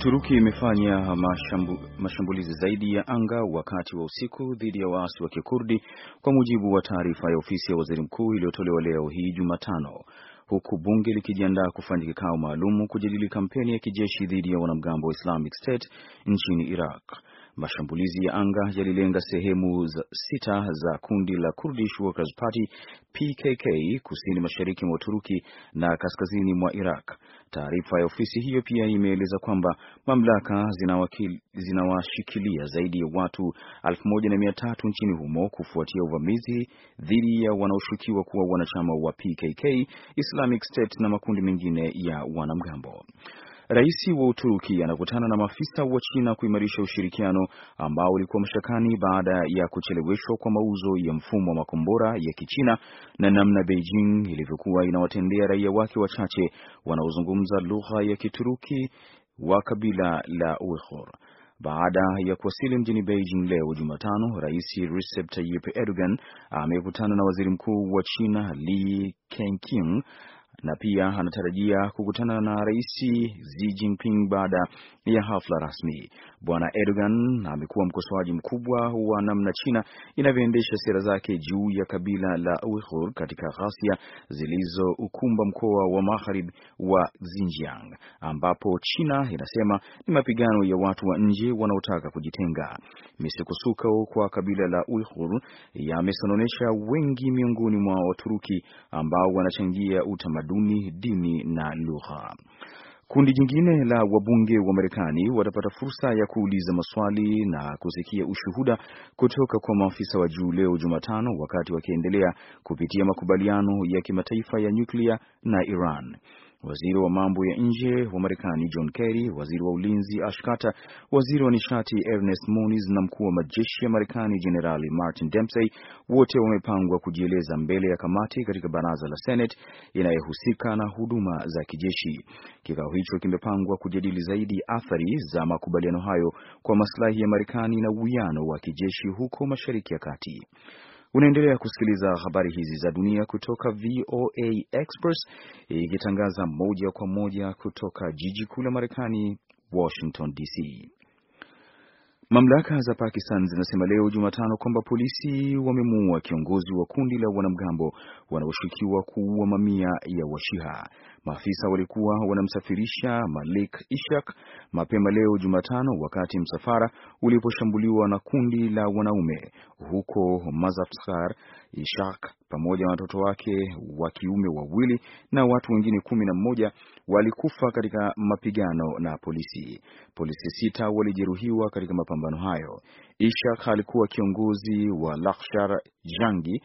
Uturuki imefanya mashambu, mashambulizi zaidi ya anga wakati wa usiku dhidi ya waasi wa Kikurdi kwa mujibu wa taarifa ya ofisi ya waziri mkuu iliyotolewa leo hii Jumatano, huku bunge likijiandaa kufanya kikao maalum kujadili kampeni ya kijeshi dhidi ya wanamgambo wa Islamic State nchini Iraq. Mashambulizi ya anga yalilenga sehemu za sita za kundi la Kurdish Workers Party PKK kusini mashariki mwa Uturuki na kaskazini mwa Iraq. Taarifa ya ofisi hiyo pia imeeleza kwamba mamlaka zinawashikilia zaidi ya watu 1300 nchini humo kufuatia uvamizi dhidi ya wanaoshukiwa kuwa wanachama wa PKK, Islamic State na makundi mengine ya wanamgambo. Rais wa Uturuki anakutana na maafisa wa China kuimarisha ushirikiano ambao ulikuwa mashakani baada ya kucheleweshwa kwa mauzo ya mfumo wa makombora ya Kichina na namna Beijing ilivyokuwa inawatendea raia wake wachache wanaozungumza lugha ya Kituruki wa kabila la Uyghur. Baada ya kuwasili mjini Beijing leo Jumatano, Rais Recep Tayyip Erdogan amekutana na Waziri Mkuu wa China Li Keqiang na pia anatarajia kukutana na Rais Xi Jinping baada ya hafla rasmi. Bwana Erdogan amekuwa mkosoaji mkubwa wa namna China inavyoendesha sera zake juu ya kabila la Uighur katika ghasia zilizoukumba mkoa wa magharibi wa Xinjiang, ambapo China inasema ni mapigano ya watu wa nje wanaotaka kujitenga. Misukosuko kwa kabila la Uighur yamesononesha wengi miongoni mwa Waturuki ambao wanachangia utamaduni utamaduni, dini na lugha. Kundi jingine la wabunge wa Marekani watapata fursa ya kuuliza maswali na kusikia ushuhuda kutoka kwa maafisa wa juu leo Jumatano, wakati wakiendelea kupitia makubaliano ya kimataifa ya nyuklia na Iran waziri wa mambo ya nje wa Marekani John Kerry, waziri wa ulinzi Ash Carter, waziri wa nishati Ernest Moniz na mkuu wa majeshi ya Marekani Jenerali Martin Dempsey, wote wamepangwa kujieleza mbele ya kamati katika baraza la Senate inayohusika na huduma za kijeshi. Kikao hicho kimepangwa kujadili zaidi athari za makubaliano hayo kwa maslahi ya Marekani na uwiano wa kijeshi huko Mashariki ya Kati. Unaendelea kusikiliza habari hizi za dunia kutoka VOA Express ikitangaza moja kwa moja kutoka jiji kuu la Marekani, Washington DC. Mamlaka za Pakistan zinasema leo Jumatano kwamba polisi wamemuua kiongozi wa kundi la wanamgambo wanaoshukiwa kuua mamia ya Washiha. Maafisa walikuwa wanamsafirisha Malik Ishak mapema leo Jumatano, wakati msafara uliposhambuliwa na kundi la wanaume huko Mazafsar. Ishak pamoja na watoto wake wa kiume wawili na watu wengine kumi na mmoja walikufa katika mapigano na polisi. Polisi sita walijeruhiwa katika mapambano hayo. Ishak alikuwa kiongozi wa Lakshar Jangi,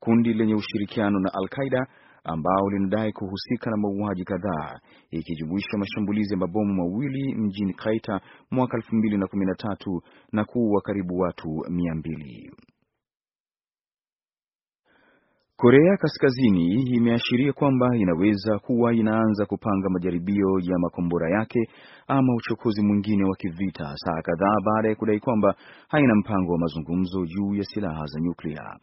kundi lenye ushirikiano na Al-Qaida ambao linadai kuhusika na mauaji kadhaa ikijumuisha mashambulizi ya mabomu mawili mjini Kaita mwaka elfu na kumi na kuua karibu watu mia Korea Kaskazini imeashiria kwamba inaweza kuwa inaanza kupanga majaribio ya makombora yake ama uchokozi mwingine wa kivita saa kadhaa baada ya kudai kwamba haina mpango wa mazungumzo juu ya silaha za nyuklia.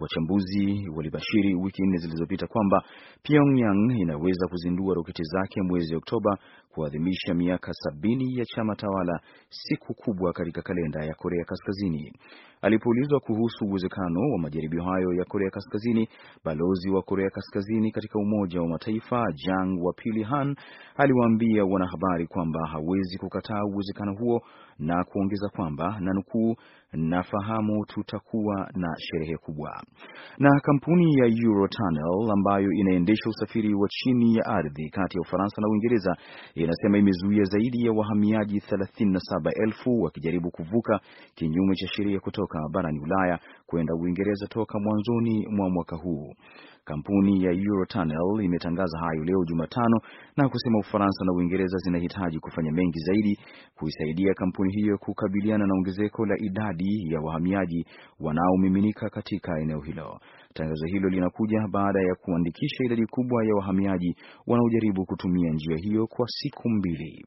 Wachambuzi walibashiri wiki nne zilizopita kwamba Pyongyang inaweza kuzindua roketi zake mwezi Oktoba kuadhimisha miaka sabini ya chama tawala, siku kubwa katika kalenda ya Korea Kaskazini. Alipoulizwa kuhusu uwezekano wa majaribio hayo ya Korea Kaskazini, balozi wa Korea Kaskazini katika Umoja wa Mataifa Jang wa Pili Han aliwaambia wanahabari kwamba hawezi kukataa uwezekano huo na kuongeza kwamba na nukuu, nafahamu tutakuwa na sherehe kubwa na kampuni ya Eurotunnel ambayo inaendesha usafiri wa chini ya ardhi kati ya Ufaransa na Uingereza inasema imezuia zaidi ya wahamiaji 37,000 wakijaribu kuvuka kinyume cha sheria kutoka barani Ulaya kwenda Uingereza toka mwanzoni mwa mwaka huu. Kampuni ya Eurotunnel imetangaza hayo leo Jumatano na kusema Ufaransa na Uingereza zinahitaji kufanya mengi zaidi kuisaidia kampuni hiyo kukabiliana na ongezeko la idadi ya wahamiaji wanaomiminika katika eneo hilo. Tangazo hilo linakuja baada ya kuandikisha idadi kubwa ya wahamiaji wanaojaribu kutumia njia hiyo kwa siku mbili.